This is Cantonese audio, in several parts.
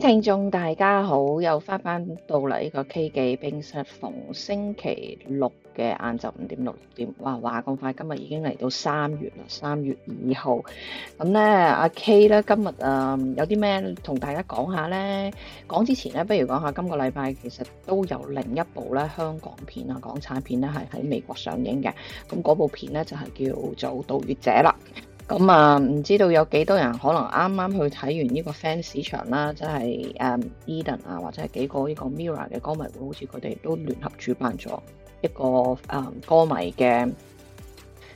聽眾大家好，又翻翻到嚟呢個 K 記冰室，逢星期六嘅晏晝五點六六點，哇哇咁快，今日已經嚟到三月啦，三月二號，咁咧阿 K 咧今日啊有啲咩同大家講下咧？講之前咧，不如講下今個禮拜其實都有另一部咧香港片啊，港產片咧係喺美國上映嘅，咁嗰部片咧就係叫做《盜月者》啦。咁、嗯、啊，唔知道有幾多人可能啱啱去睇完呢個 fan 市場啦，即、就、係、是、誒 Edan 啊，或者係幾個呢個 Mirror 嘅歌迷會，好似佢哋都聯合主辦咗一個誒、嗯、歌迷嘅。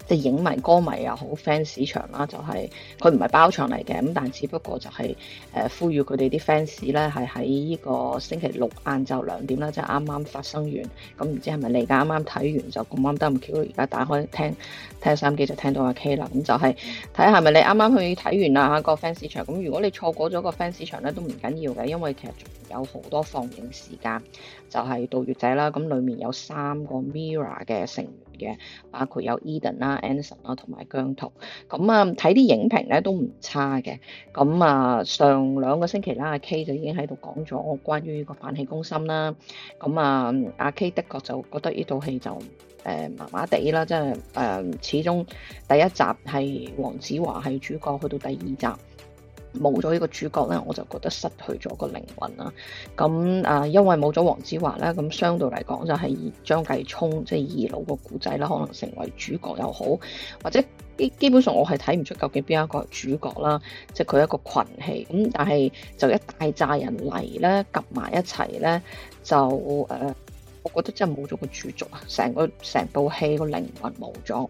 即係影迷、歌迷又好，fans 市場啦，就係佢唔係包場嚟嘅，咁但係只不過就係、是、誒、呃、呼籲佢哋啲 fans 咧，係喺呢個星期六晏晝兩點啦，即係啱啱發生完，咁、嗯、唔知係咪你？啱啱睇完就咁啱得到，唔 Q？而家打開聽，聽收音機就聽到阿 K 啦，咁、嗯、就係睇下係咪你啱啱去睇完啦、嗰個 fans 市場。咁、嗯、如果你錯過咗個 fans 市場咧，都唔緊要嘅，因為其實仲有好多放映時間，就係、是《盜月者》啦。咁、嗯、裡面有三個 Mirror 嘅成員。嘅，包括有 Edan 啦、Anson 啦，同埋姜濤。咁啊，睇啲影評咧都唔差嘅。咁啊，上兩個星期啦，阿 K 就已經喺度講咗關於個飯戲《飯戲攻心》啦。咁啊，阿 K 的確就覺得呢套戲就誒麻麻地啦，即係誒始終第一集係黃子華係主角，去到第二集。冇咗呢個主角咧，我就覺得失去咗個靈魂啦。咁啊，因為冇咗黃子華咧，咁相對嚟講就係張繼聰即係、就是、二老個古仔啦，可能成為主角又好，或者基基本上我係睇唔出究竟邊一個係主角啦。即係佢一個群戲咁，但係就一大揸人嚟咧，夾埋一齊咧，就誒、啊，我覺得真係冇咗個主軸啊！成個成部戲個靈魂冇咗，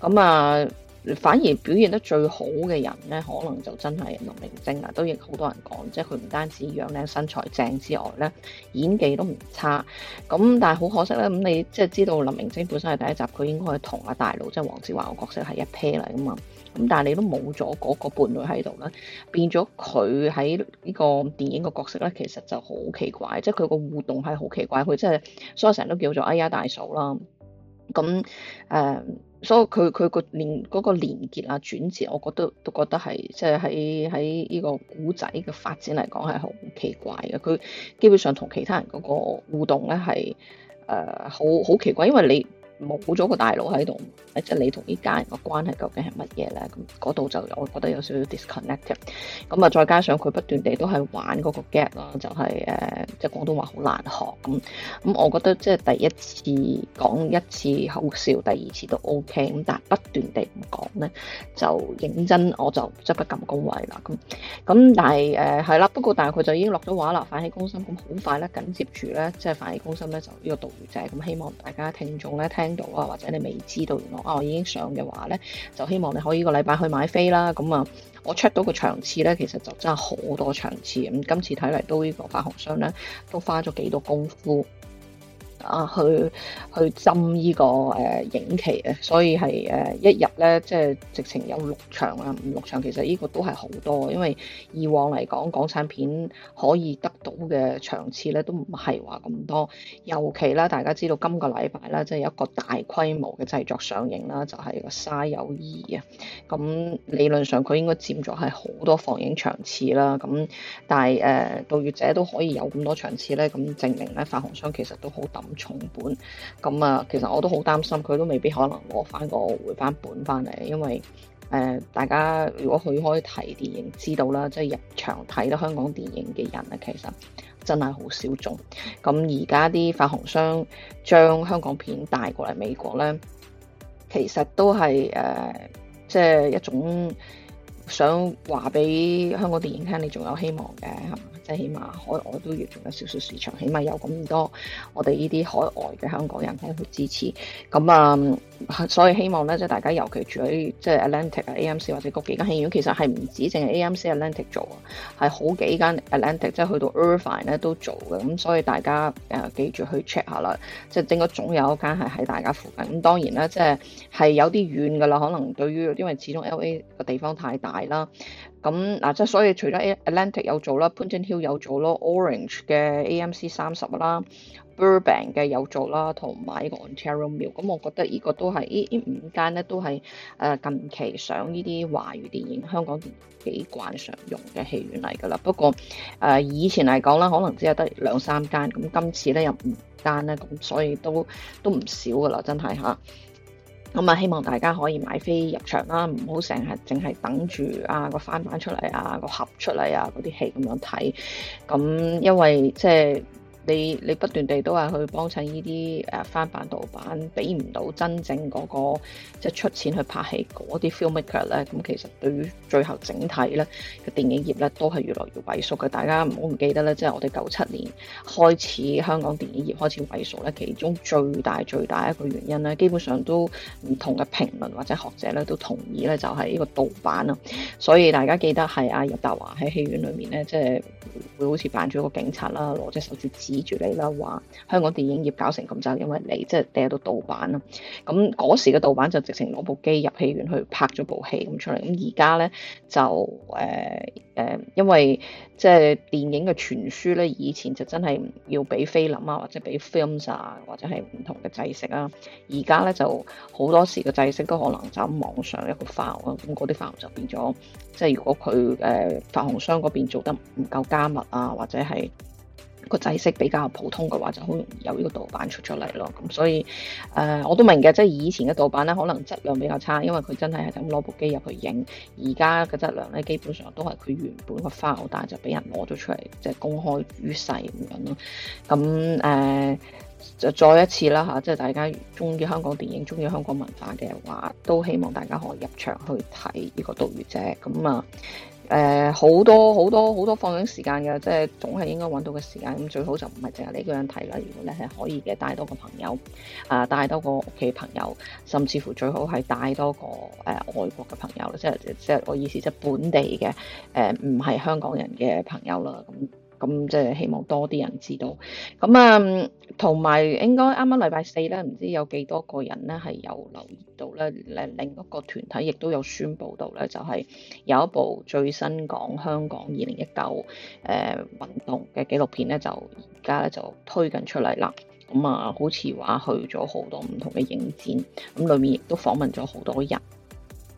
咁啊～反而表現得最好嘅人咧，可能就真係林明晶啊！都亦好多人講，即係佢唔單止樣靚身材正之外咧，演技都唔差。咁但係好可惜咧，咁你即係知道林明晶本身係第一集佢應該係同阿大佬即係黃子華個角色係一 pair 嚟噶嘛。咁但係你都冇咗嗰個伴侶喺度咧，變咗佢喺呢個電影個角色咧，其實就好奇怪，即係佢個互動係好奇怪，佢真係所以成日都叫做哎呀大嫂啦。咁誒。呃所以佢佢個連嗰個連結啊轉折，我覺得都覺得係即係喺喺呢個古仔嘅發展嚟講，係好奇怪嘅。佢基本上同其他人嗰個互動咧，係誒好好奇怪，因為你。冇咗個大佬喺度，即係你同呢家人個關係究竟係乜嘢咧？咁嗰度就我覺得有少少 disconnect 咁啊！再加上佢不斷地都係玩嗰個 gap 啦、就是呃，就係誒即係廣東話好難學咁。咁我覺得即係第一次講一次好笑，第二次都 OK 咁，但係不斷地唔講咧，就認真我就即刻不敢恭維啦。咁咁但係誒係啦，不過但係佢就已經落咗畫啦，反起公心咁好快咧，緊接住咧即係反起公心咧就呢個導漁咁，希望大家聽眾咧聽。到啊，或者你未知道原來啊，我已經上嘅話呢，就希望你可以呢個禮拜去買飛啦。咁啊，我 check 到個場次呢，其實就真係好多場次。咁今次睇嚟，都呢個發行商呢都花咗幾多功夫。啊，去去浸呢、這個誒、呃、影期啊，所以係誒、呃、一日咧，即係直情有六場啊，五六場其實呢個都係好多，因為以往嚟講，港產片可以得到嘅場次咧都唔係話咁多，尤其啦，大家知道今個禮拜啦，即、就、係、是、一個大規模嘅製作上映啦，就係、是《沙丘二》啊，咁理論上佢應該佔咗係好多放映場次啦，咁但係誒、呃、到月者都可以有咁多場次咧，咁證明咧發行商其實都好抌。重本咁啊，其實我都好擔心，佢都未必可能攞翻個回翻本翻嚟，因為誒、呃，大家如果去開睇電影知道啦，即係入場睇到香港電影嘅人啊，其實真係好小眾。咁而家啲發行商將香港片帶過嚟美國咧，其實都係誒，即、呃、係、就是、一種想話俾香港電影聽，你仲有希望嘅。即係起碼海外都要仲有少少市場，起碼有咁多我哋呢啲海外嘅香港人喺度支持，咁啊，所以希望咧，即係大家尤其住喺即係 Atlantic 啊、AMC 或者嗰幾間戲院，其實係唔止淨係 AMC、Atlantic 做啊，係好幾間 Atlantic，即係去到 Irvine 咧都做嘅，咁所以大家誒記住去 check 一下啦，即係整個總有一間係喺大家附近。咁當然啦，即係係有啲遠噶啦，可能對於因為始終 LA 個地方太大啦。咁嗱，即係所以除咗 Atlantic 有做啦，Puente Hills 有做咯，Orange 嘅 AMC 三十啦，Burbank 嘅有做啦，同埋呢個 Ontario Mills。咁我覺得呢個都係呢呢五間咧，都係誒近期上呢啲華語電影，香港幾慣常用嘅戲院嚟㗎啦。不過誒、呃、以前嚟講啦，可能只係得兩三間，咁今次咧又五間咧，咁所以都都唔少㗎啦，真係嚇。咁希望大家可以買飛入場啦，唔好成日淨係等住啊個翻版出嚟啊個合出嚟啊嗰啲戲咁樣睇，咁因為即係。你你不斷地都係去幫襯呢啲返翻版盜版，俾唔到真正嗰個即係出錢去拍戲嗰啲 film maker 咧，咁其實對於最後整體咧嘅電影業咧，都係越來越萎縮嘅。大家唔好唔記得咧，即係我哋九七年開始香港電影業開始萎縮咧，其中最大最大一個原因咧，基本上都唔同嘅評論或者學者咧都同意咧，就係呢個盜版啊。所以大家記得係阿葉達華喺戲院裏面咧，即係會好似扮咗一個警察啦，攞隻手指指。指住你啦，話香港電影業搞成咁就因為你，即係掟到盜版啦。咁嗰時嘅盜版就直情攞部機入戲院去拍咗部戲咁出嚟。咁而家咧就誒誒、呃呃，因為即係電影嘅傳輸咧，以前就真係要俾菲林啊，或者俾 films 啊，或者係唔同嘅製式啊。而家咧就好多時嘅製式都可能就喺網上一個發行咁，嗰啲發行就變咗，即係如果佢誒、呃、發行商嗰邊做得唔夠加密啊，或者係。個制式比較普通嘅話，就好容易有呢個盜版出咗嚟咯。咁所以，誒、呃、我都明嘅，即係以前嘅盜版咧，可能質量比較差，因為佢真係係咁攞部機入去影。而家嘅質量咧，基本上都係佢原本嘅 file，但係就俾人攞咗出嚟，即係公開於世咁樣咯。咁誒、呃、就再一次啦嚇，即係大家中意香港電影、中意香港文化嘅話，都希望大家可以入場去睇呢個《盜月者》咁啊！誒、呃、好多好多好多放映時間嘅，即係總係應該揾到嘅時間咁，最好就唔係淨係你一個人睇啦。如果咧係可以嘅，帶多個朋友啊，帶多個屋企朋友，甚至乎最好係帶多個誒、呃、外國嘅朋友啦，即係即係我意思，即係本地嘅誒，唔、呃、係香港人嘅朋友啦咁。嗯咁即係希望多啲人知道，咁啊，同埋應該啱啱禮拜四咧，唔知有幾多個人咧係有留意到咧，誒另一個團體亦都有宣佈到咧，就係有一部最新講香港二零一九誒運動嘅紀錄片咧，就而家咧就推緊出嚟啦。咁啊，好似話去咗好多唔同嘅影展，咁裡面亦都訪問咗好多人。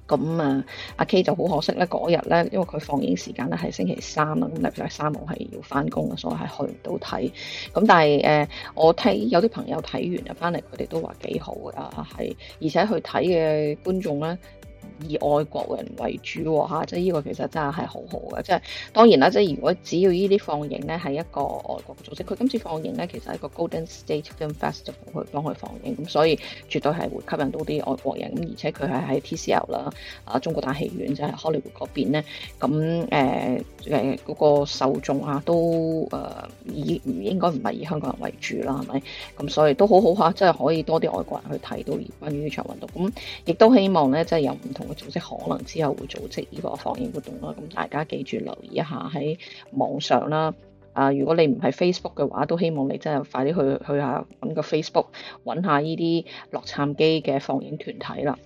咁啊，阿 K 就好可惜咧，嗰日咧，因為佢放映時間咧係星期三啦，啊，咁例如係三號係要翻工，所以係去唔到睇。咁但係誒、呃，我睇有啲朋友睇完啊，翻嚟佢哋都話幾好啊，係，而且去睇嘅觀眾咧，以外國人為主喎，嚇，即係依個其實真係係好好嘅。即係當然啦，即係如果只要呢啲放映咧係一個外國組織，佢今次放映咧其實係個 Golden State Film Festival 去幫佢放映，咁所以絕對係會吸引到啲外國人，咁而且佢係喺 TCL 啦，啊中國大戲院即係、就係、Hollywood 嗰邊咧，咁誒誒嗰個受眾啊都誒以、呃、應該唔係以香港人為主啦，係咪，咁所以都好好嚇，即係可以多啲外國人去睇到關於呢場運動，咁亦都希望咧即係有唔同。我組織可能之後會組織呢個放映活動啦，咁大家記住留意一下喺網上啦。啊，如果你唔係 Facebook 嘅話，都希望你真係快啲去去下揾個 Facebook 揾下呢啲洛杉磯嘅放映團體啦。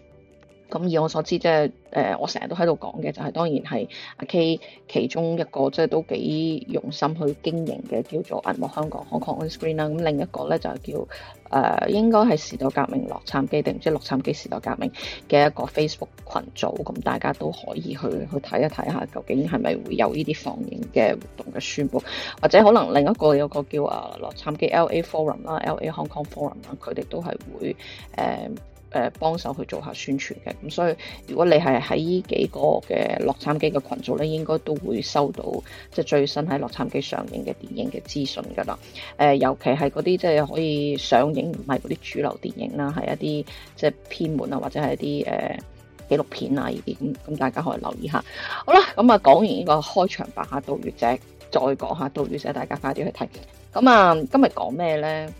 咁以我所知，即係誒，我成日都喺度講嘅，就係、是、當然係阿 K 其中一個，即、就、係、是、都幾用心去經營嘅，叫做銀幕香港 Hong Kong On Screen 啦、啊。咁另一個咧就係叫誒、呃，應該係時代革命洛杉磯定唔知洛杉磯時代革命嘅一個 Facebook 群組。咁、啊、大家都可以去去睇一睇下，究竟係咪會有呢啲放映嘅活動嘅宣佈，或者可能另一個有一個叫啊洛杉磯 LA Forum 啦、LA Hong Kong Forum 啦、啊，佢哋都係會誒。呃誒幫手去做下宣傳嘅，咁所以如果你係喺呢幾個嘅洛杉磯嘅群組咧，應該都會收到即係、就是、最新喺洛杉磯上映嘅電影嘅資訊噶啦。誒、呃，尤其係嗰啲即係可以上映唔係嗰啲主流電影啦，係一啲即係偏門啊，或者係一啲誒、呃、紀錄片啊依啲咁，咁大家可以留意一下。好啦，咁啊講完呢、這個開場白，杜再一下杜月者，再講下杜月者，大家快啲去睇。咁啊，今日講咩咧？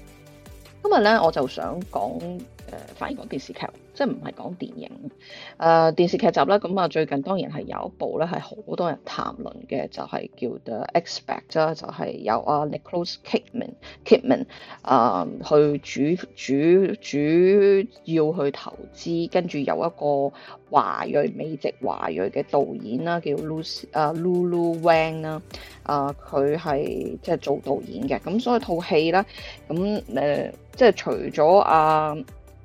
今日咧我就想講。誒，反而講電視劇，即係唔係講電影誒、呃，電視劇集咧，咁啊，最近當然係有一部咧，係好多人談論嘅，就係、是、叫做、啊呃《Expats》啦，就係由阿 Nicole Kidman、Kidman 啊去主主主要去投資，跟住有一個華裔美籍華裔嘅導演啦，叫 Luc 啊 Lulu Wang 啦、呃，啊佢係即係做導演嘅，咁所以套戲咧，咁、呃、誒即係除咗阿、啊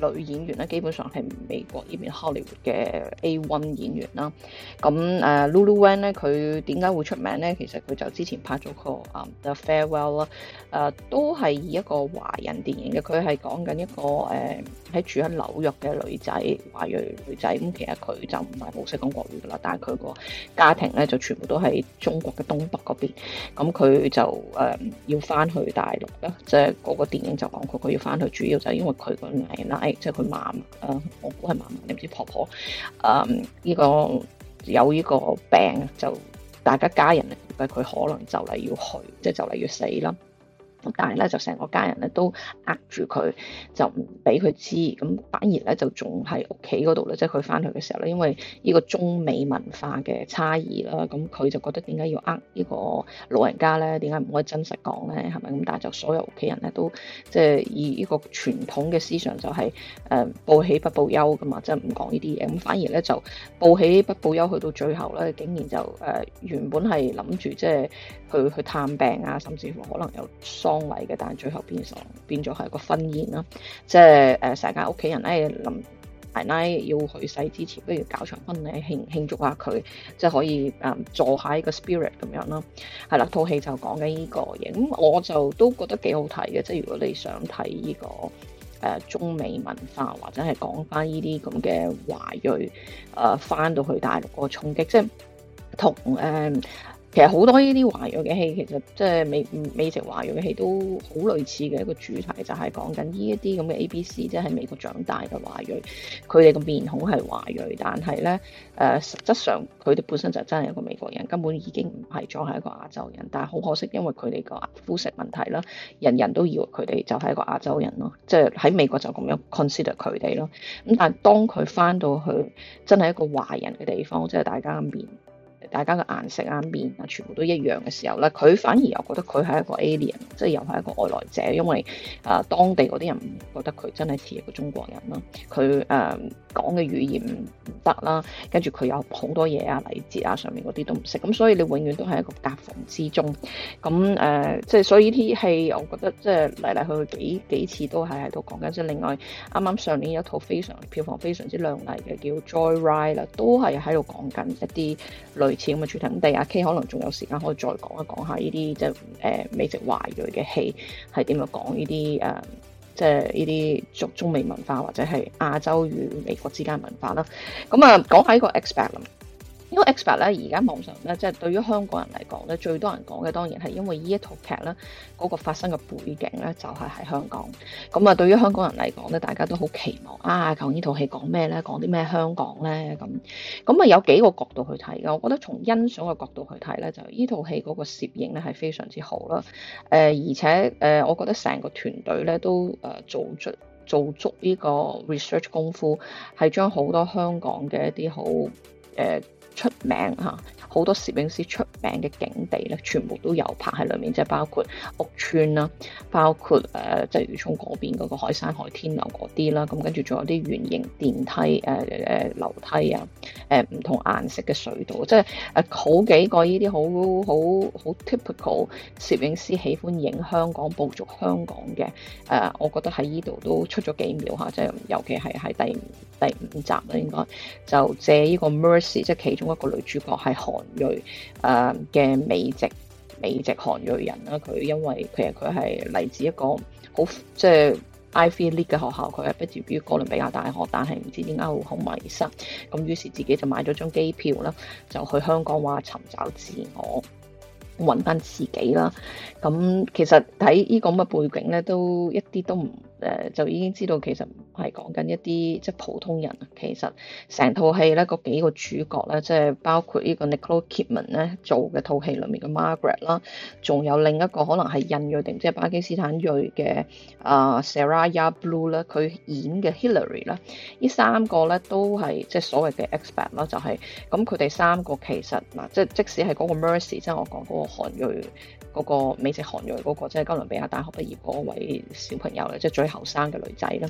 女演員咧，基本上係美國呢邊 Hollywood 嘅 A one 演員啦。咁誒 Lulu Wang 咧，佢點解會出名咧？其實佢就之前拍咗個《The Farewell》啦。誒、啊，都係以一個華人電影嘅，佢係講緊一個誒喺、呃、住喺紐約嘅女仔華裔女仔。咁其實佢就唔係好識講國語噶啦，但係佢個家庭咧就全部都喺中國嘅東北嗰邊。咁佢就誒、呃、要翻去大陸啦，即係個個電影就講佢佢要翻去，主要就係因為佢個奶奶。即係佢嫲嫲啊，我估係嫲嫲，你唔知婆婆，嗯，呢個有呢個病，就大家家人嚟，估計佢可能就嚟要去，即係就嚟要死啦。但係咧就成個家人咧都呃住佢，就唔俾佢知，咁反而咧就仲喺屋企嗰度咧，即係佢翻去嘅時候咧，因為呢個中美文化嘅差異啦，咁佢就覺得點解要呃呢個老人家咧？點解唔可以真實講咧？係咪咁？但係就所有屋企人咧都即係、就是、以呢個傳統嘅思想就係、是、誒、呃、報喜不報憂噶嘛，即係唔講呢啲嘢。咁反而咧就報喜不報憂，去到最後咧，竟然就誒、呃、原本係諗住即係去去探病啊，甚至乎可能有喪。嘅，但係最後變咗變咗係一個婚宴啦，即係誒成間屋企人咧，林奶奶要去世之前，不如搞場婚禮慶慶祝下佢，即係可以誒做下呢個 spirit 咁樣啦。係啦，套戲就講緊呢個嘢，咁我就都覺得幾好睇嘅。即係如果你想睇呢個誒中美文化，或者係講翻呢啲咁嘅華裔誒翻到去大陸嗰個衝擊，即係同誒。呃其實好多呢啲華裔嘅戲，其實即係美美籍華裔嘅戲都好類似嘅一個主題，就係講緊呢一啲咁嘅 ABC，即係美國長大嘅華裔，佢哋嘅面孔係華裔，但係咧，誒、呃、實質上佢哋本身就真係一個美國人，根本已經唔係再係一個亞洲人。但係好可惜，因為佢哋個膚色問題啦，人人都以為佢哋就係一個亞洲人咯，即係喺美國就咁樣 consider 佢哋咯。咁但係當佢翻到去真係一個華人嘅地方，即係大家嘅面，大家嘅顏色啊、面啊，全部都一樣嘅時候咧，佢反而又覺得佢係一個 alien，即係又係一個外來者，因為啊、呃，當地嗰啲人覺得佢真係似一個中國人啦，佢誒、呃、講嘅語言唔得啦，跟住佢有好多嘢啊、禮節啊上面嗰啲都唔識，咁所以你永遠都係一個夾縫之中。咁誒、呃，即係所以呢啲戲我覺得即係嚟嚟去去幾幾次都係喺度講緊。即係另外啱啱上年有一套非常票房非常之亮麗嘅叫 Joy Ride 啦，都係喺度講緊一啲女類似咁嘅主題，咁第二啊 K 可能仲有時間可以再講一講下呢啲、就是呃呃、即係誒美籍華裔嘅戲係點樣講呢啲誒即係呢啲中中美文化或者係亞洲與美國之間文化啦。咁啊講下呢個 expect 因為 Expats 咧，而家網上咧，即係對於香港人嚟講咧，最多人講嘅當然係因為呢一套劇咧，嗰個發生嘅背景咧就係喺香港。咁啊，對於香港人嚟講咧，大家都好期望啊，究竟呢套戲講咩咧？講啲咩香港咧？咁咁啊，有幾個角度去睇嘅。我覺得從欣賞嘅角度去睇咧，就呢套戲嗰個攝影咧係非常之好啦。誒，而且誒，我覺得成個團隊咧都誒做，做足做足呢個 research 功夫，係將好多香港嘅一啲好誒。呃出名吓好多攝影師出名嘅景地咧，全部都有拍喺裏面，即係包括屋邨啦，包括誒即係魚涌嗰邊個海山海天樓啲啦，咁跟住仲有啲圓形電梯誒誒樓梯啊，誒、呃、唔同顏色嘅隧道，即係誒、呃、好幾個呢啲好好好 typical 攝影師喜歡影香港、捕捉香港嘅誒、呃、我覺得喺呢度都出咗幾秒吓，即係尤其係喺第五第五集啦，應該就借呢個 Mercy，即係其中。一個女主角係韓裔誒嘅美籍美籍韓裔人啦，佢因為其實佢係嚟自一個好即係 Ivy League 嘅學校，佢係畢業於哥倫比亞大學，但係唔知點解會好迷失，咁於是自己就買咗張機票啦，就去香港話尋找自我，搵翻自己啦。咁其實睇呢個咁嘅背景咧，都一啲都唔誒就已經知道其實係講緊一啲即係普通人，其實成套戲咧，個幾個主角咧，即係包括呢個 Nicole Kidman 咧做嘅套戲裡面嘅 Margaret 啦，仲有另一個可能係印裔定即係巴基斯坦裔嘅啊、呃、Sarayu Blue 啦，佢演嘅 Hillary 啦，呢三個咧都係即係所謂嘅 expat 啦，就係咁佢哋三個其實嗱即係即使係嗰個 Mercy 即係我講嗰個韓裔。嗰個美籍韓裔嗰個，即係哥倫比亞大學畢業嗰位小朋友咧，即係最後生嘅女仔咧。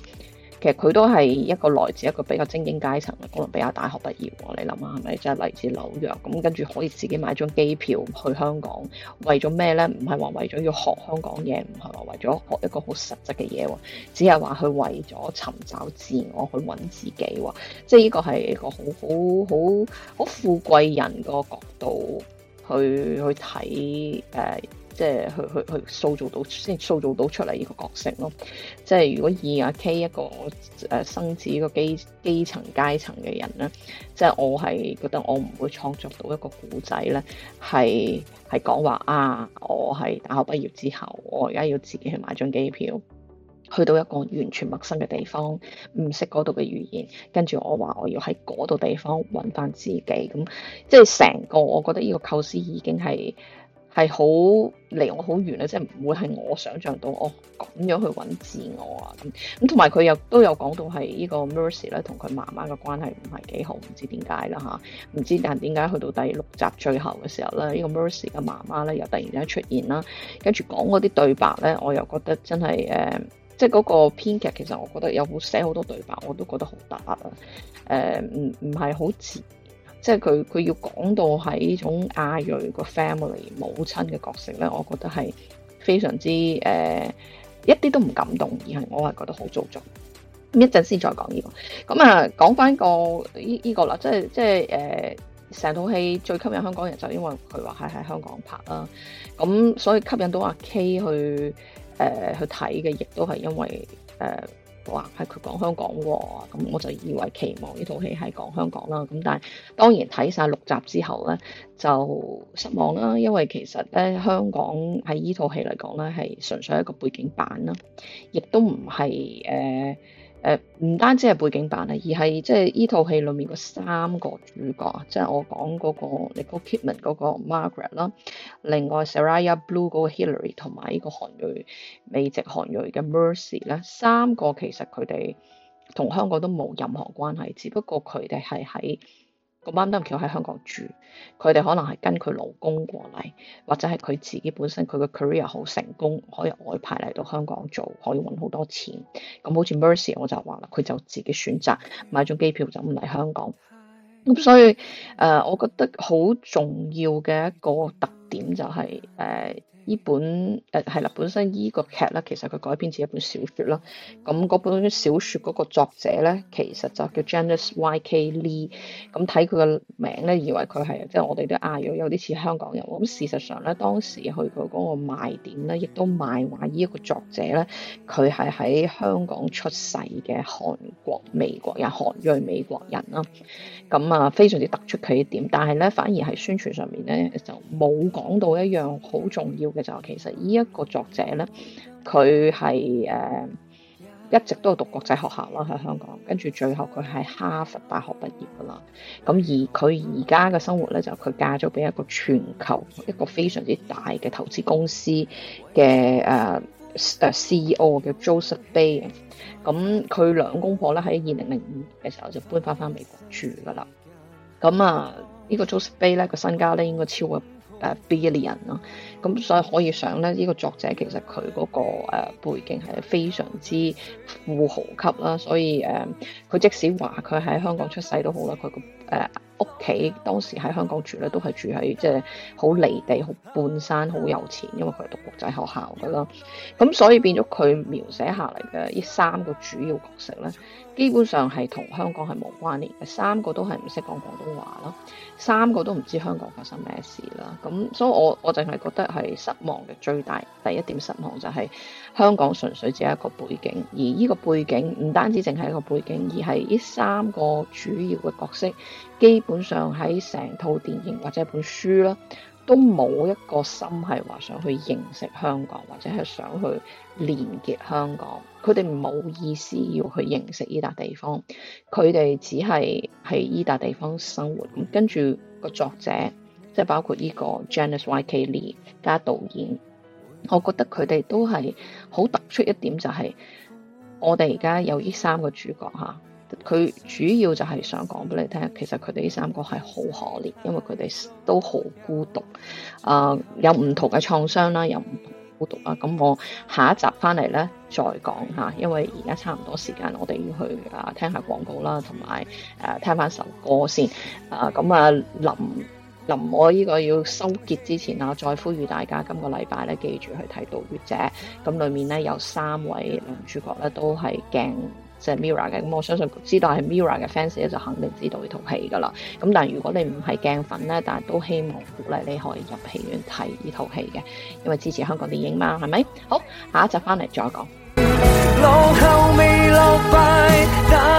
其實佢都係一個來自一個比較精英階層嘅哥倫比亞大學畢業。你諗下係咪？即係嚟自紐約咁，跟住可以自己買張機票去香港。為咗咩咧？唔係話為咗要學香港嘢，唔係話為咗學一個好實質嘅嘢喎，只係話佢為咗尋找自我，去揾自己喎。即係呢個係一個好好好好富貴人個角度。去去睇誒、呃，即係去去去塑造到，先塑造到出嚟呢個角色咯。即係如果以阿 K 一個誒、呃、生子個基基層階層嘅人咧，即係我係覺得我唔會創作到一個故仔咧，係係講話啊！我係大學畢業之後，我而家要自己去買張機票。去到一個完全陌生嘅地方，唔識嗰度嘅語言，跟住我話我要喺嗰度地方揾翻自己，咁即係成個我覺得呢個構思已經係係好離我好遠啦，即係唔會係我想象到哦，咁樣去揾自我啊。咁同埋佢又都有講到係呢個 Mercy 咧，同佢媽媽嘅關係唔係幾好，唔知點解啦吓，啊、唔知但係點解去到第六集最後嘅時候咧，呢個 Mercy 嘅媽媽咧又突然間出現啦，跟住講嗰啲對白咧，我又覺得真係誒～、嗯即係嗰個編劇，其實我覺得有冇寫好多對白，我都覺得好突啊！誒、呃，唔唔係好自然，即係佢佢要講到係呢種亞裔個 family 母親嘅角色咧，我覺得係非常之誒、呃，一啲都唔感動，而係我係覺得好做作。咁一陣先再講呢個。咁啊，講翻個呢依個啦，即係即係誒，成套戲最吸引香港人就因為佢話係喺香港拍啦，咁所以吸引到阿 K 去。誒、呃、去睇嘅，亦都係因為誒話係佢講香港喎，咁我就以為期望呢套戲係講香港啦。咁但係當然睇晒六集之後咧，就失望啦，因為其實咧香港喺呢套戲嚟講咧係純粹一個背景版啦，亦都唔係誒。呃誒、呃、唔單止係背景版啊，而係即係呢套戲裏面嗰三個主角啊，即係我講嗰、那個 Nicole Kidman 嗰個 Margaret 啦，另外 Sarayu Blue 嗰個 Hillary 同埋呢個韓裔美籍韓裔嘅 Mercy 咧，三個其實佢哋同香港都冇任何關係，只不過佢哋係喺，咁啱得唔巧喺香港住，佢哋可能係跟佢老公過嚟，或者係佢自己本身佢嘅 career 好成功，可以外派嚟到香港做，可以揾好多錢。咁好似 Mercy 我就話啦，佢就自己選擇買張機票就唔嚟香港。咁所以誒、呃，我覺得好重要嘅一個特點就係、是、誒。呃呢本誒係啦，本身依個劇咧，其實佢改編自一本小説啦。咁嗰本小説嗰個作者咧，其實就叫 Janice Y. K. Lee。咁睇佢個名咧，以為佢係即係我哋都嗌咗，有啲似香港人。咁事實上咧，當時去佢嗰個賣點咧，亦都賣話依一個作者咧，佢係喺香港出世嘅韓國美國人，韓裔美國人啦。咁啊，非常之突出佢一點，但係咧反而係宣傳上面咧，就冇講到一樣好重要。就其實呢一個作者咧，佢係誒一直都有讀國際學校啦，喺香港，跟住最後佢喺哈佛大學畢業噶啦。咁而佢而家嘅生活咧，就佢嫁咗俾一個全球一個非常之大嘅投資公司嘅誒誒、呃、C E O 叫 Joseph Bay。咁、嗯、佢兩公婆咧喺二零零五嘅時候就搬翻翻美國住噶啦。咁啊呢個 Joseph Bay 咧個身家咧應該超過。誒、啊、billion 咯，咁所以可以想咧，呢、這個作者其實佢嗰、那個誒、呃、背景係非常之富豪級啦，所以誒，佢、呃、即使話佢喺香港出世都好啦，佢個誒。呃屋企當時喺香港住咧，都係住喺即係好離地、好半山、好有錢，因為佢係讀國際學校噶啦。咁所以變咗佢描寫下嚟嘅呢三個主要角色咧，基本上係同香港係冇關連嘅。三個都係唔識講廣東話咯，三個都唔知香港發生咩事啦。咁所以我我淨係覺得係失望嘅，最大第一點失望就係香港純粹只係一個背景，而呢個背景唔單止淨係一個背景，而係呢三個主要嘅角色基本上喺成套電影或者本書啦，都冇一個心係話想去認識香港，或者係想去連結香港。佢哋冇意思要去認識依笪地方，佢哋只係，喺依笪地方生活。跟住個作者，即係包括呢個 Janice Y K Lee 加導演，我覺得佢哋都係好突出一點就係，我哋而家有呢三個主角吓。佢主要就係想講俾你聽，其實佢哋呢三個係好可憐，因為佢哋都好孤獨，啊有唔同嘅創傷啦，有唔同嘅孤獨啊。咁我下一集翻嚟咧再講吓，因為而家差唔多時間，我哋要去啊聽一下廣告啦，同埋誒聽翻首歌先。啊咁啊，臨臨我呢個要收結之前啊，再呼籲大家今、這個禮拜咧記住去睇《盜月者》，咁裡面咧有三位男主角咧都係鏡。就係 MIRROR 嘅，咁我相信知道係 MIRROR 嘅 fans 咧，就肯定知道呢套戲噶啦。咁但係如果你唔係鏡粉咧，但係都希望鼓勵，你可以入戲院睇呢套戲嘅，因為支持香港電影嘛，係咪？好，下一集翻嚟再講。落後未落敗大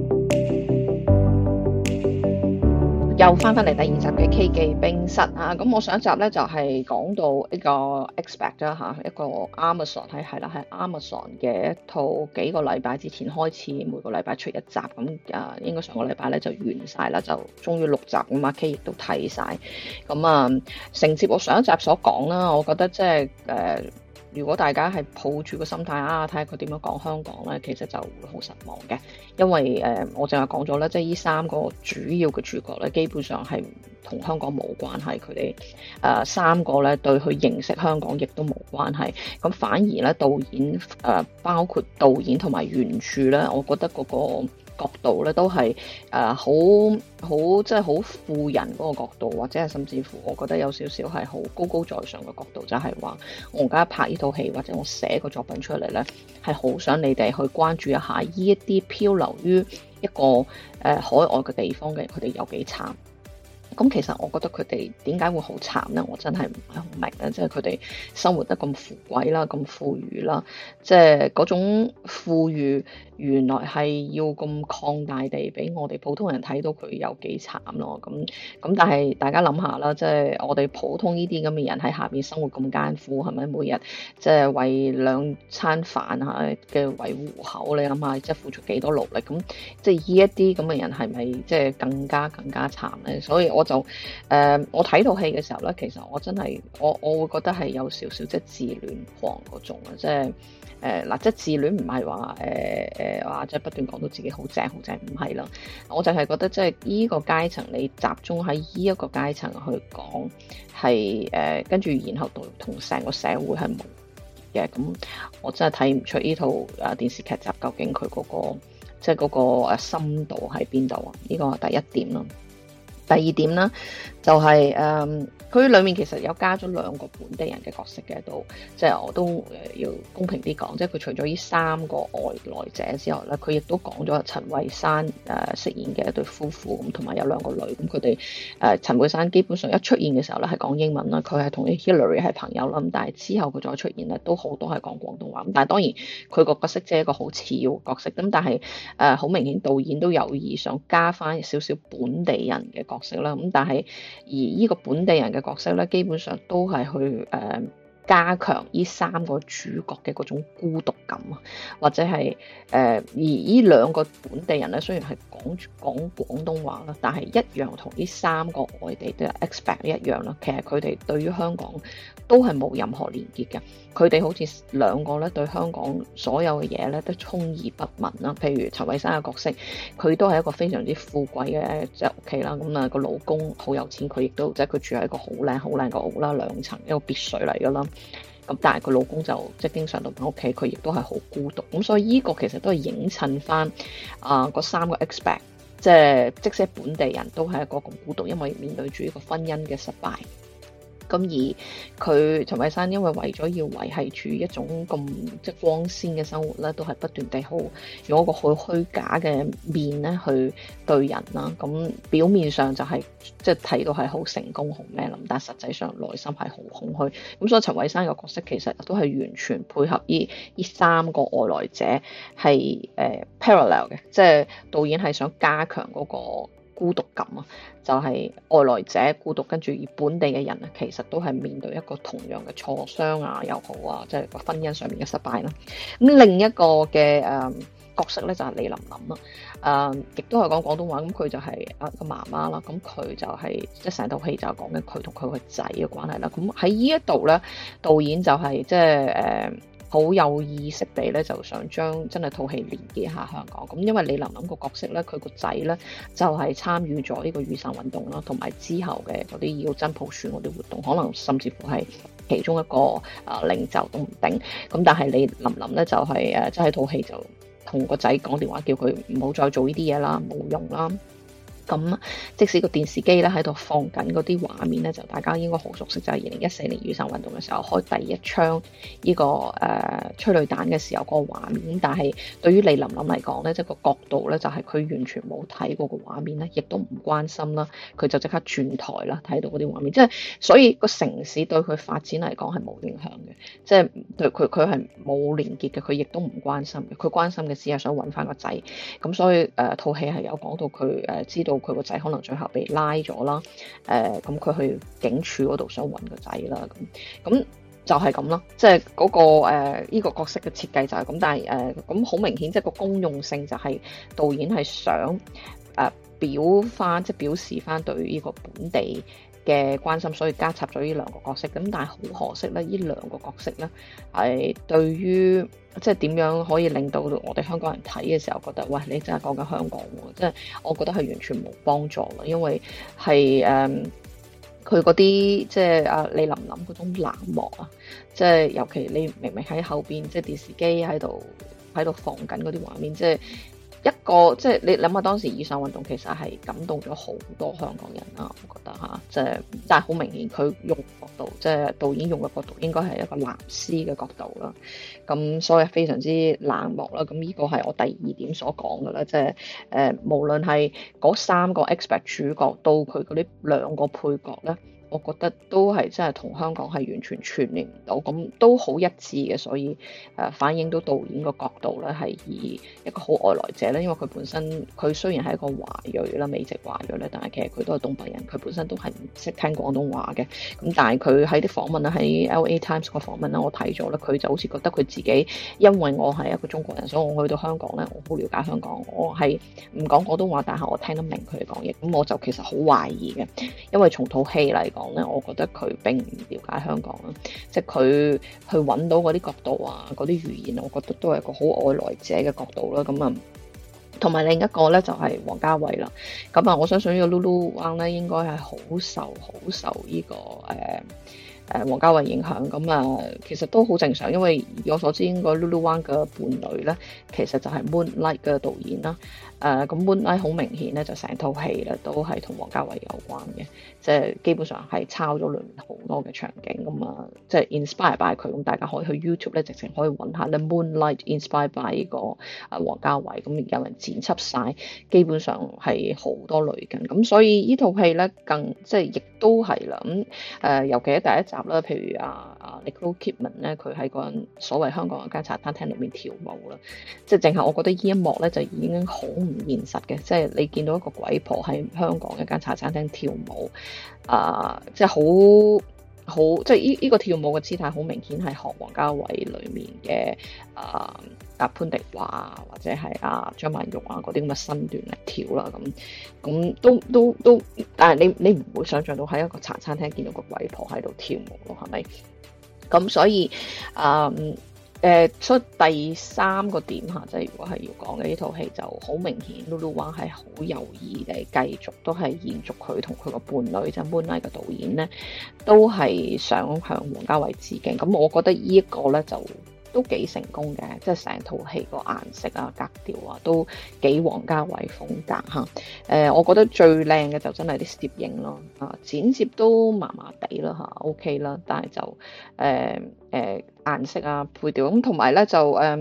又翻翻嚟第二集嘅《K 記冰室》啊，咁我上一集咧就係、是、講到呢個 Expats 啦吓，一個 Amazon 係係啦係 Amazon 嘅一套，幾個禮拜之前開始，每個禮拜出一集，咁啊應該上個禮拜咧就完晒啦，就終於六集咁 K 亦都睇晒，咁啊承接我上一集所講啦，我覺得即係誒。呃如果大家係抱住個心態啊，睇下佢點樣講香港呢，其實就會好失望嘅，因為誒，我淨係講咗咧，即係呢三個主要嘅主角呢，基本上係同香港冇關係，佢哋誒三個呢對佢認識香港亦都冇關係，咁反而呢，導演誒，包括導演同埋原著呢，我覺得嗰個角度咧都係誒好好，即係好富人嗰個角度，或者係甚至乎，我覺得有少少係好高高在上嘅角度，就係、是、話我而家拍呢套戲或者我寫個作品出嚟咧，係好想你哋去關注一下呢一啲漂流於一個誒、呃、海外嘅地方嘅佢哋有幾慘。咁其實我覺得佢哋點解會好慘咧？我真係唔係好明咧，即係佢哋生活得咁富貴啦，咁富裕啦，即係嗰種富裕。原來係要咁擴大地俾我哋普通人睇到佢有幾慘咯，咁咁但係大家諗下啦，即係我哋普通呢啲咁嘅人喺下面生活咁艱苦，係咪每日即係為兩餐飯啊嘅維護口？你諗下，即係付出幾多努力？咁即係呢一啲咁嘅人係咪即係更加更加慘咧？所以我就誒、呃，我睇套戲嘅時候咧，其實我真係我我會覺得係有少少即係自戀狂嗰種啊，即係。誒、呃、嗱，即自戀唔係話誒誒話，即不斷講到自己好正好正，唔係啦。我就係覺得，即依個階層你集中喺依一個階層去講，係誒跟住然後同同成個社會係冇嘅。咁我真係睇唔出呢套誒電視劇集究竟佢嗰、嗰個即嗰個誒深度喺邊度啊？呢、呢個係第一點啦。第二點啦。就係、是、誒，佢、嗯、裡面其實有加咗兩個本地人嘅角色嘅，都即係我都誒要公平啲講，即係佢除咗呢三個外來者之後咧，佢亦都講咗陳慧珊誒飾演嘅一對夫婦，咁同埋有兩個女，咁佢哋誒陳慧珊基本上一出現嘅時候咧係講英文啦，佢係同啲 Hillary 係朋友啦，咁但係之後佢再出現咧都好多係講廣東話，咁但係當然佢個角色即係一個好次要嘅角色，咁但係誒好明顯導演都有意想加翻少少本地人嘅角色啦，咁但係。而呢個本地人嘅角色咧，基本上都係去誒，嗯加強呢三個主角嘅嗰種孤獨感啊，或者係誒、呃，而呢兩個本地人咧，雖然係講講廣東話啦，但係一樣同呢三個外地嘅 expat 一樣啦。其實佢哋對於香港都係冇任何連結嘅。佢哋好似兩個咧，對香港所有嘅嘢咧都充耳不聞啦。譬如陳慧珊嘅角色，佢都係一個非常之富貴嘅即係屋企啦。咁啊，個老公好有錢，佢亦都即係佢住喺一個好靚好靚嘅屋啦，兩層一個別墅嚟嘅啦。咁但係佢老公就即經常到翻屋企，佢亦都係好孤獨。咁所以呢個其實都係映襯翻啊，嗰、呃、三個 expect，即係即使本地人都係一個咁孤獨，因為面對住呢個婚姻嘅失敗。咁而佢陳慧珊，因為為咗要維繫住一種咁即係光鮮嘅生活咧，都係不斷地好用一個好虛假嘅面咧去對人啦。咁表面上就係、是、即係睇到係好成功、好咩林，但實際上內心係好空虛。咁所以陳慧珊個角色其實都係完全配合呢呢三個外來者係誒、呃、parallel 嘅，即係導演係想加強嗰、那個。孤獨感啊，就係、是、外來者孤獨，跟住而本地嘅人啊，其實都係面對一個同樣嘅創傷啊又好啊，即係個婚姻上面嘅失敗啦。咁另一個嘅誒、呃、角色咧就係李琳琳啦，誒、呃、亦都係講廣東話，咁佢就係阿個媽媽啦，咁佢就係即係成套戲就係講緊佢同佢個仔嘅關係啦。咁喺呢一度咧，導演就係即係誒。呃好有意識地咧，就想將真係套戲連結下香港。咁因為李琳琳個角色咧，佢個仔咧就係、是、參與咗呢個雨傘運動啦，同埋之後嘅嗰啲要真普選嗰啲活動，可能甚至乎係其中一個啊領袖都唔定。咁但係李琳琳咧就係、是、誒，真係套戲就同個仔講電話，叫佢唔好再做呢啲嘢啦，冇用啦。咁即使個電視機咧喺度放緊嗰啲畫面咧，就大家應該好熟悉，就係二零一四年雨傘運動嘅時候開第一槍呢、這個誒、呃、催淚彈嘅時候嗰個畫面。但係對於李琳琳嚟講咧，即、就、係、是、個角度咧，就係佢完全冇睇過個畫面咧，亦都唔關心啦。佢就即刻轉台啦，睇到嗰啲畫面。即係所以個城市對佢發展嚟講係冇影響嘅，即、就、係、是、對佢佢係冇連結嘅，佢亦都唔關心嘅。佢關心嘅只係想搵返個仔。咁所以誒套戲係有講到佢誒、呃、知道。佢個仔可能最後被拉咗啦，誒、呃，咁佢去警署嗰度想搵個仔啦，咁，咁就係咁啦，即係嗰、嗰個誒呢、呃呢個角色嘅設計就係咁，但係誒咁好明顯，即係個功用性就係導演係想誒、呃、表翻，即係表示翻對於呢個本地嘅關心，所以加插咗呢兩個角色，咁但係好可惜咧，呢兩個角色咧係對於即係點樣可以令到我哋香港人睇嘅時候覺得，喂，你真係講緊香港喎，即係我覺得係完全冇幫助嘅，因為係誒佢嗰啲即係啊你諗諗嗰種冷漠啊，即係尤其你明明喺後邊即係電視機喺度喺度放緊嗰啲畫面，即係。一個即係、就是、你諗下，當時雨傘運動其實係感動咗好多香港人啊。我覺得吓，即、就、係、是、但係好明顯，佢用的角度即係、就是、導演用嘅角，角度，應該係一個藍絲嘅角度啦。咁所以非常之冷漠啦。咁呢個係我第二點所講嘅啦，即係誒，無論係嗰三個 expat 主角到佢嗰啲兩個配角咧。我覺得都係真係同香港係完全串聯唔到，咁都好一致嘅，所以誒、呃、反映到導演個角度咧，係以一個好外來者咧，因為佢本身佢雖然係一個華裔啦，美籍華裔咧，但係其實佢都係東北人，佢本身都係唔識聽廣東話嘅。咁但係佢喺啲訪問啦，喺 LA Times 個訪問啦，我睇咗咧，佢就好似覺得佢自己因為我係一個中國人，所以我去到香港咧，我好了解香港，我係唔講廣東話，但係我聽得明佢哋講嘢，咁我就其實好懷疑嘅，因為從套戲嚟講。咧，我覺得佢並不了解並唔了解香港啦，即係佢去揾到嗰啲角度啊，嗰啲語言，我覺得都係一個好外來者嘅角度啦。咁啊，同埋另一個咧就係、是、王家衞啦。咁啊，我相信呢個 Lulu One 咧應該係好受、好受呢、這個誒誒、呃呃、王家衞影響。咁啊，其實都好正常，因為我所知，呢個 Lulu One 嘅伴侶咧，其實就係 Moonlight 嘅導演啦。誒、uh, 咁 moonlight 好明顯咧，就成套戲咧都係同王家衛有關嘅。即、就、係、是、基本上係抄咗裏面好多嘅場景咁啊，即係、就是、inspire by 佢，咁大家可以去 YouTube 咧，直情可以揾下咧 moonlight inspired by 呢個啊王家衛，咁有人剪輯晒，基本上係好多類嘅。咁所以呢套戲咧更即係亦都係啦，咁、呃、尤其喺第一集啦，譬如啊。你 c l o k i n 咧，佢喺個人所謂香港一間茶餐廳裏面跳舞啦，即係淨係，我覺得呢一幕咧就已經好唔現實嘅，即係你見到一個鬼婆喺香港一間茶餐廳跳舞，啊、uh,，即係好好，即係呢依個跳舞嘅姿態好明顯係學王家衞裏面嘅啊阿潘迪華或者係阿、啊、張曼玉啊嗰啲咁嘅身段嚟跳啦，咁咁都都都，但係你你唔會想象到喺一個茶餐廳見到個鬼婆喺度跳舞咯，係咪？咁所以，誒、嗯、誒、呃，出第三個點吓，即係如果係要講嘅呢套戲就好明顯，Lulu Wang 係好有意嚟，繼續，都係延續佢同佢個伴侶，就係、是、Moonlight 嘅導演咧，都係想向王家衛致敬。咁我覺得呢一個咧就。都幾成功嘅，即係成套戲個顏色啊、格調啊都幾王家衛風格嚇。誒、啊呃，我覺得最靚嘅就是真係啲攝影咯，啊，剪接都麻麻地啦嚇，OK 啦，但係就誒誒、呃呃、顏色啊配調咁，同埋咧就誒、呃、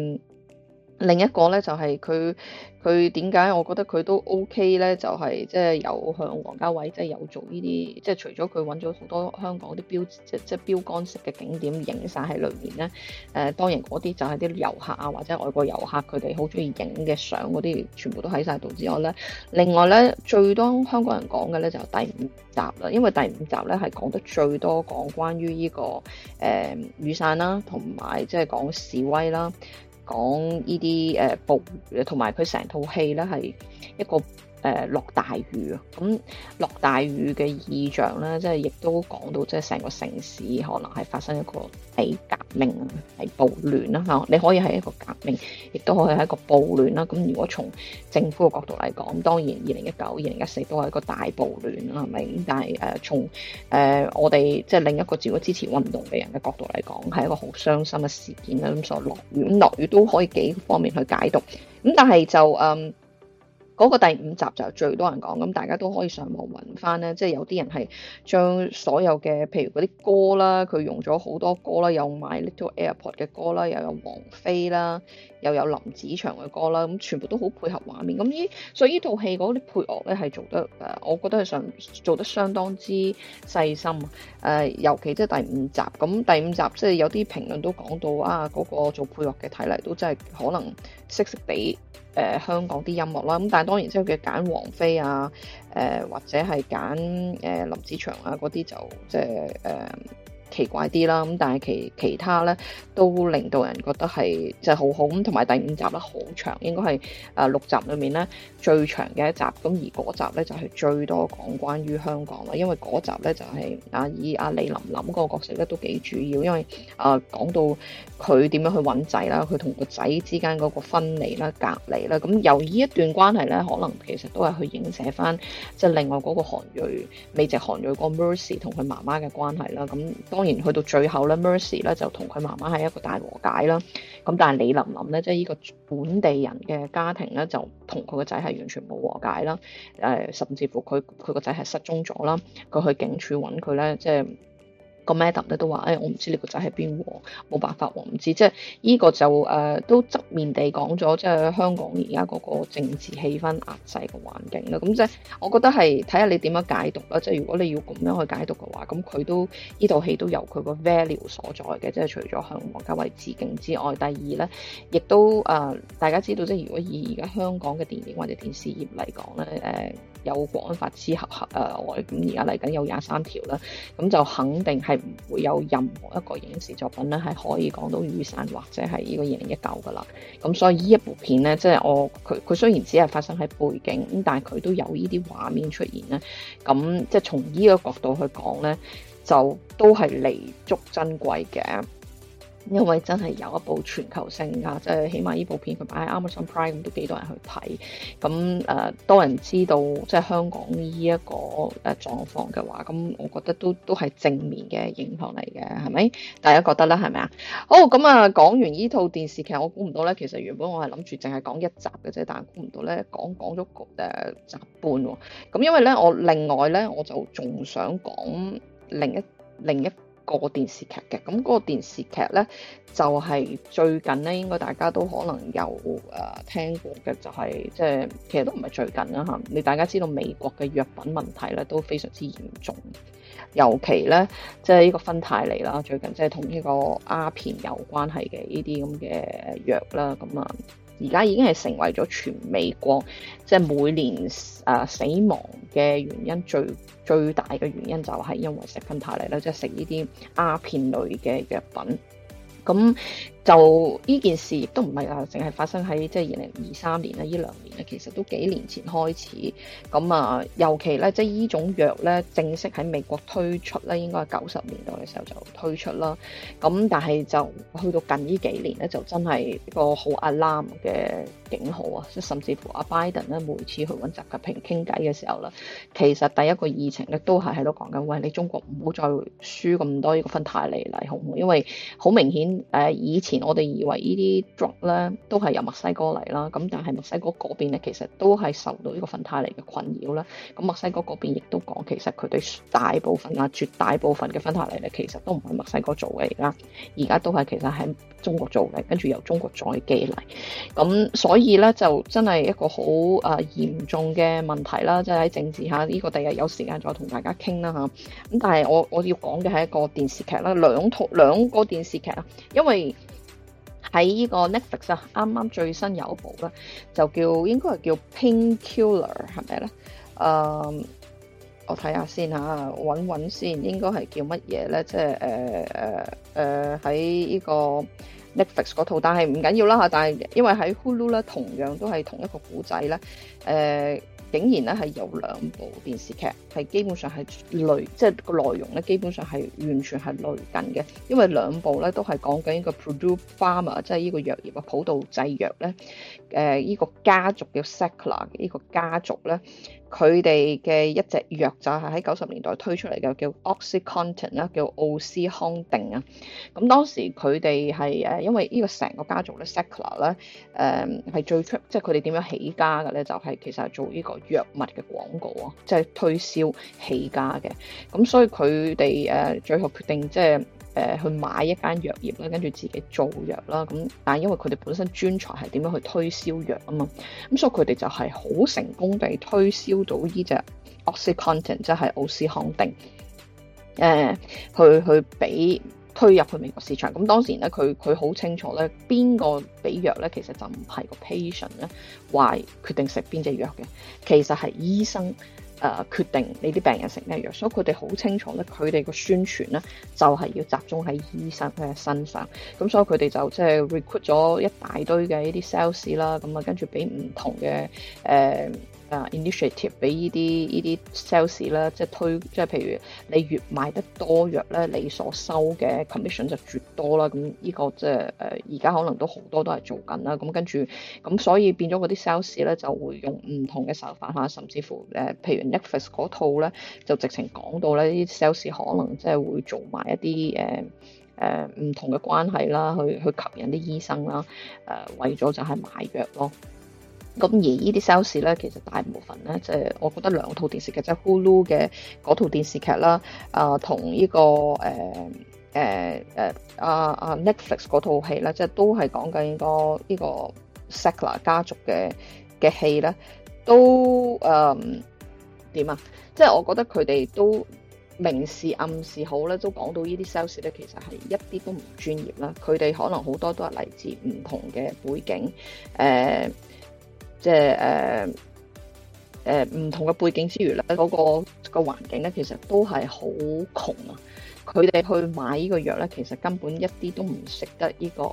另一個咧就係、是、佢。佢點解我覺得佢都 OK 呢？就係即係有向王家衛，即係有做呢啲，即係除咗佢揾咗好多香港啲標即係標杆式嘅景點影晒喺裏面呢。誒，當然嗰啲就係啲遊客啊或者外國遊客佢哋好中意影嘅相嗰啲，全部都喺晒度之外呢。另外呢，最多香港人講嘅呢，就第五集啦，因為第五集呢係講得最多，講關於呢個誒雨傘啦，同埋即係講示威啦。講呢啲誒暴，同埋佢成套戲咧係一個。誒落大雨啊！咁落大雨嘅意象咧，即係亦都講到，即係成個城市可能係發生一個係革命，係暴亂啦嚇。你可以係一個革命，亦都可以係一個暴亂啦。咁如果從政府嘅角度嚟講，當然二零一九、二零一四都係一個大暴亂啦，係咪？咁但係誒、呃、從誒、呃、我哋即係另一個，如果支持運動嘅人嘅角度嚟講，係一個好傷心嘅事件啦。咁所以落雨，咁落雨都可以幾個方面去解讀。咁但係就嗯。呃嗰個第五集就最多人講，咁大家都可以上網揾翻咧，即係有啲人係將所有嘅，譬如嗰啲歌啦，佢用咗好多歌啦，有 My Little Airport 嘅歌啦，又有王菲啦，又有林子祥嘅歌啦，咁全部都好配合畫面。咁呢所以呢套戲嗰啲配樂咧係做得，誒，我覺得係相做得相當之細心。誒，尤其即係第五集，咁第五集即係有啲評論都講到啊，嗰個做配樂嘅睇嚟都真係可能識識地。誒、呃、香港啲音樂啦，咁但係當然之後佢揀王菲啊，誒、呃、或者係揀誒林子祥啊嗰啲就即係誒。就是呃奇怪啲啦，咁但係其其他咧都令到人覺得係即係好好咁，同埋第五集咧好長，應該係誒六集裏面咧最長嘅一集。咁而嗰集咧就係、是、最多講關於香港啦，因為嗰集咧就係、是、阿以阿李琳琳個角色咧都幾主要，因為誒講、呃、到佢點樣去揾仔啦，佢同個仔之間嗰個分離啦、隔離啦，咁由呢一段關係咧，可能其實都係去影射翻即係另外嗰個韓裔美籍韓裔個 Mercy 同佢媽媽嘅關係啦。咁。當然去到最後咧，Mercy 咧就同佢媽媽係一個大和解啦。咁但係李琳琳咧，即係呢個本地人嘅家庭咧，就同佢個仔係完全冇和解啦。誒、呃，甚至乎佢佢個仔係失蹤咗啦。佢去警署揾佢咧，即係。個 madam 咧都話，誒、哎，我唔知你個仔喺邊喎，冇辦法喎，唔知。即係呢個就誒、呃，都側面地講咗，即係香港而家嗰個政治氣氛壓制嘅環境啦。咁即係我覺得係睇下你點樣解讀啦。即係如果你要咁樣去解讀嘅話，咁佢都呢套戲都有佢個 value 所在嘅。即係除咗向王家衛致敬之外，第二咧，亦都誒、呃，大家知道，即係如果以而家香港嘅電影或者電視業嚟講咧，誒、呃，有《國安法》之後，誒外，咁而家嚟緊有廿三條啦，咁就肯定係。唔會有任何一個影視作品咧係可以講到雨傘或者係呢個二零一九噶啦，咁所以呢一部片咧，即係我佢佢雖然只係發生喺背景，咁但係佢都有呢啲畫面出現咧，咁即係從呢個角度去講咧，就都係彌足珍貴嘅。因為真係有一部全球性啊，即係起碼呢部片佢買 Amazon Prime 都幾多人去睇，咁誒、呃、多人知道即係香港呢一個誒狀況嘅話，咁我覺得都都係正面嘅影響嚟嘅，係咪？大家覺得啦，係咪啊？好咁啊，講完呢套電視劇，我估唔到咧，其實原本我係諗住淨係講一集嘅啫，但係估唔到咧講講咗誒集半喎。咁因為咧，我另外咧我就仲想講另一另一。另一電的那個電視劇嘅，咁嗰個電視劇咧就係、是、最近咧，應該大家都可能有誒、呃、聽過嘅、就是，就係即係其實都唔係最近啦吓、啊，你大家知道美國嘅藥品問題咧都非常之嚴重，尤其咧即係呢、就是、個芬太尼啦，最近即係同呢個阿片有關係嘅呢啲咁嘅藥啦，咁啊而家已經係成為咗全美國即係、就是、每年誒、呃、死亡，嘅原因最最大嘅原因就係因為食芬太尼啦，即係食呢啲阿片類嘅藥品。咁就呢件事都唔係啊，淨係發生喺即係二零二三年啦，呢兩年咧其實都幾年前開始。咁啊，尤其咧即係呢、就是、種藥咧正式喺美國推出咧，應該係九十年代嘅時候就推出啦。咁但係就去到近呢幾年咧，就真係一個好 alarm 嘅。勁好啊！即甚至乎阿拜登咧，每次去揾習近平傾偈嘅時候啦，其實第一個議程咧都係喺度講緊，喂，你中國唔好再輸咁多呢個芬太尼嚟，好唔好？因為好明顯誒，以前我哋以為呢啲 drug 咧都係由墨西哥嚟啦，咁但係墨西哥嗰邊咧其實都係受到呢個芬太尼嘅困擾啦。咁墨西哥嗰邊亦都講，其實佢對大部分啊絕大部分嘅芬太尼咧，其實都唔係墨西哥做嘅，而家而家都係其實喺中國做嘅，跟住由中國再寄嚟。咁所以所以咧就真係一個好誒嚴重嘅問題啦，即係喺政治下，呢個第日有時間再同大家傾啦吓。咁但係我我要講嘅係一個電視劇啦，兩套兩個電視劇、啊、因為喺呢個 Netflix 啊，啱啱最新有部啦，就叫應該係叫 Painkiller, 是是《Painkiller》係咪咧？誒，我睇下先吓、啊，搵搵先，應該係叫乜嘢咧？即係誒誒誒喺呢個。Netflix 嗰套，但係唔緊要啦吓，但係因為喺 Hulu 同樣都係同一個古仔咧，竟然咧係有兩部電視劇，係基本上係類，即係個內容咧，基本上係完全係類近嘅，因為兩部咧都係講緊依個 Purdue Pharma 啊，即係呢個藥業啊，普度製藥咧，呢、呃、依、這個家族嘅 Sackler 依個家族咧。佢哋嘅一隻藥就係喺九十年代推出嚟嘅，叫 Oxycontin Oxy 啦，叫奧斯康定啊。咁當時佢哋係誒，因為呢個成個家族咧 Sackler 咧，誒係、嗯、最初，即係佢哋點樣起家嘅咧，就係、是、其實係做呢個藥物嘅廣告啊，即、就、係、是、推銷起家嘅。咁所以佢哋誒最後決定即係。就是誒去買一間藥業咧，跟住自己做藥啦。咁但係因為佢哋本身專才係點樣去推銷藥啊嘛，咁所以佢哋就係好成功地推銷到呢隻 OxyContin，即係奧斯康定。誒、呃，去去俾推入去美國市場。咁當時咧，佢佢好清楚咧，邊個俾藥咧，其實就唔係個 patient 咧，話決定食邊隻藥嘅，其實係醫生。誒、呃、決定你啲病人食咩藥，所以佢哋好清楚咧，佢哋個宣傳咧就係、是、要集中喺醫生嘅身上，咁所以佢哋就即係 recruit 咗一大堆嘅一啲 sales 啦，咁啊跟住俾唔同嘅誒。呃啊、uh，initiative 俾呢啲依啲 sales 咧，即係推，即係譬如你越賣得多藥咧，你所收嘅 commission 就越多啦。咁呢個即係誒，而家可能都好多都係做緊啦。咁跟住，咁所以變咗嗰啲 sales 咧就會用唔同嘅手法啦，甚至乎誒，譬如 Netflix 嗰套咧，就直情講到咧啲 sales 可能即係會做埋一啲誒誒唔同嘅關係啦，去去吸引啲醫生啦，誒為咗就係賣藥咯。咁而這呢啲 sales 咧，其實大部分咧，即、就、係、是、我覺得兩套電視劇，即係 Hulu 嘅嗰套電視劇啦、呃這個呃呃呃呃，啊，同、啊、呢個誒誒誒阿阿 Netflix 嗰套戲啦，即係都係講緊依個依個 Sackler 家族嘅嘅戲咧，都誒點、呃、啊？即、就、係、是、我覺得佢哋都明示暗示好咧，都講到呢啲 sales 咧，其實係一啲都唔專業啦。佢哋可能好多都係嚟自唔同嘅背景，誒、呃。即係誒誒唔同嘅背景之餘咧，嗰個嗰個環境咧，其實都係好窮啊！佢哋去買呢個藥咧，其實根本一啲都唔食得呢個。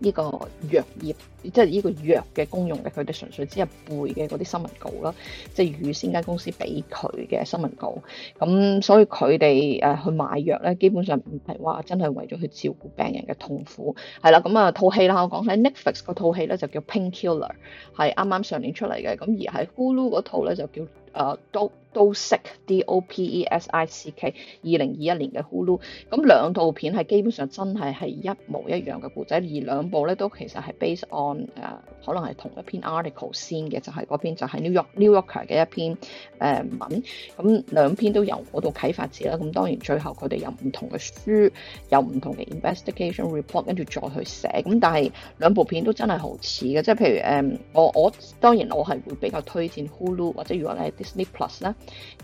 呢、這個藥業，即係呢個藥嘅功用嘅，佢哋純粹只係背嘅嗰啲新聞稿啦，即係預先間公司俾佢嘅新聞稿。咁所以佢哋誒去賣藥咧，基本上唔係話真係為咗去照顧病人嘅痛苦，係啦。咁啊套戲啦，我講喺 Netflix 嗰套戲咧就叫 Painkiller，係啱啱上年出嚟嘅。咁而喺 Hulu 嗰套咧就叫誒 Dope。呃都識 D.O.P.E.S.I.C.K. 二零二一年嘅 Hulu，咁兩套片係基本上真係係一模一樣嘅故仔，而兩部咧都其實係 based on 呃可能係同一篇 article 先嘅，就係嗰篇就係 New York New Yorker 嘅一篇、呃、文，咁兩篇都由嗰度啟發至啦，咁當然最後佢哋有唔同嘅書，有唔同嘅 investigation report，跟住再去寫，咁但係兩部片都真係好似嘅，即係譬如、呃、我我當然我係會比較推薦 Hulu 或者如果你係 Disney Plus 咧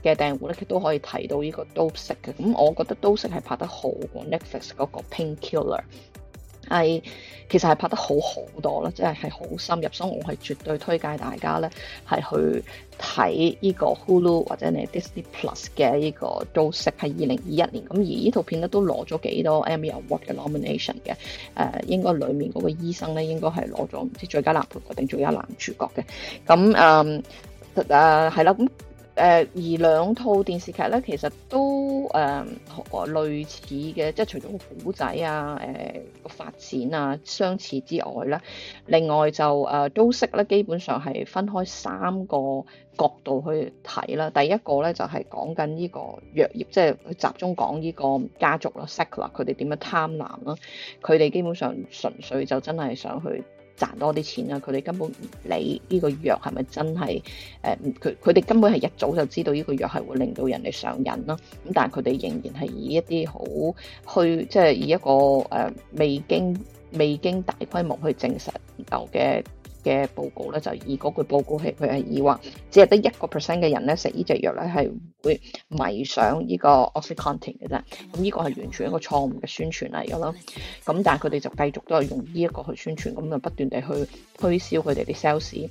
嘅訂戶咧，佢都可以睇到呢個的《Dopesick》嘅咁。我覺得《Dopesick》係拍得好過 Netflix 嗰個《Painkiller》係其實係拍得好好多啦，即係係好深入。所以我係絕對推介大家咧係去睇呢個 Hulu 或者呢 Disney Plus 嘅呢個《Dopesick》係二零二一年咁。而這呢套片咧都攞咗幾多 Emmy Award 嘅 Nomination 嘅。誒、呃，應該裡面嗰個醫生咧應該係攞咗唔知最佳男配角定最佳男主角嘅咁。誒誒係啦咁。嗯嗯嗯嗯嗯嗯誒，而兩套電視劇咧，其實都誒、呃、類似嘅，即係除咗個故仔啊、誒、呃、個發展啊相似之外咧，另外就誒、呃、都識咧，基本上係分開三個角度去睇啦。第一個咧就係、是、講緊呢個藥業，即係集中講呢個家族咯 Sackler 佢哋點樣貪婪啦，佢哋基本上純粹就真係想去。賺多啲錢啦！佢哋根本唔理呢個藥係咪真係、呃、佢佢哋根本係一早就知道呢個藥係會令到人哋上癮啦。咁但係佢哋仍然係以一啲好去即係以一個、呃、未經未經大規模去證實嘅。嘅報告咧，就以嗰句報告係佢係以話，只係得一個 percent 嘅人咧食呢隻藥咧係會迷上呢個 OxyContin 嘅啫。咁呢個係完全一個錯誤嘅宣傳嚟嘅咯。咁但係佢哋就繼續都係用呢一個去宣傳，咁就不斷地去推銷佢哋啲 sales。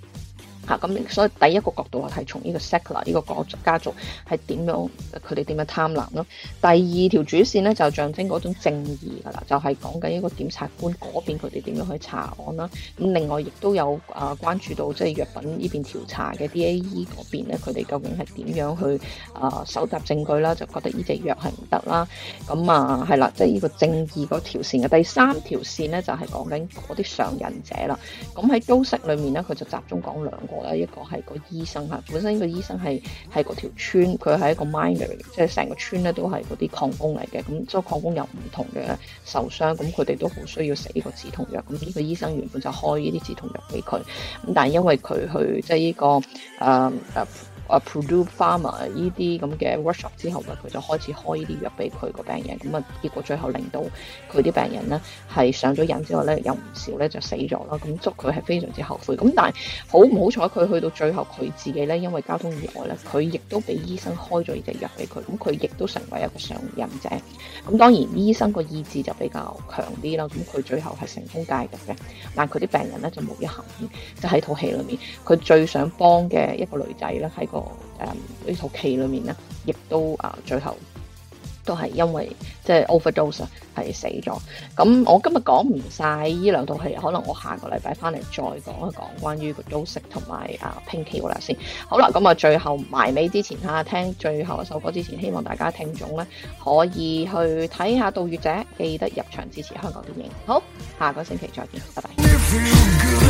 咁、啊，所以第一個角度啊，係從呢個 Sackler 呢個家族係點樣佢哋點樣貪婪咯。第二條主線咧就是、象徵嗰種正義㗎啦，就係、是、講緊一個檢察官嗰邊佢哋點樣去查案啦。咁另外亦都有啊關注到即係藥品呢邊調查嘅 D A E 嗰邊咧，佢哋究竟係點樣去啊蒐、呃、集證據啦？就覺得呢隻藥係唔得啦。咁啊係啦，即係呢個正義嗰條線嘅第三條線咧就係、是、講緊嗰啲上癮者啦。咁喺都息裏面咧，佢就集中講兩個。一個係個醫生嚇，本身個醫生係係嗰條村，佢係一個 miner，即係成個村咧都係嗰啲礦工嚟嘅，咁所以礦工有唔同嘅受傷，咁佢哋都好需要食呢個止痛藥，咁呢個醫生原本就開呢啲止痛藥俾佢，咁但係因為佢去即係呢、這個誒。嗯 Purdue Pharma 呢啲咁嘅 workshop 之後呢佢就開始開呢啲藥俾佢個病人。咁啊，結果最後令到佢啲病人呢，係上咗癮之後呢，有唔少呢就死咗啦。咁祝佢係非常之後悔。咁但係好唔好彩，佢去到最後，佢自己呢，因為交通意外呢，佢亦都俾醫生開咗呢隻藥俾佢。咁佢亦都成為一個上癮者。咁當然醫生個意志就比較強啲啦。咁佢最後係成功戒毒嘅。但佢啲病人呢，就冇一幸免，就喺套戲裏面，佢最想幫嘅一個女仔呢，係個。誒、這個，呢、嗯、套戲裏面咧，亦都啊，最後都係因為即係 overdose 係死咗。咁我今日講唔晒呢兩套戲，可能我下個禮拜翻嚟再講一講關於 Dopesick 同埋啊 Painkiller 啦。先好啦，咁啊，最後埋尾之前啊，聽最後一首歌之前，希望大家聽眾咧可以去睇下《盜月者》，記得入場支持香港電影。好，下個星期再見，拜拜。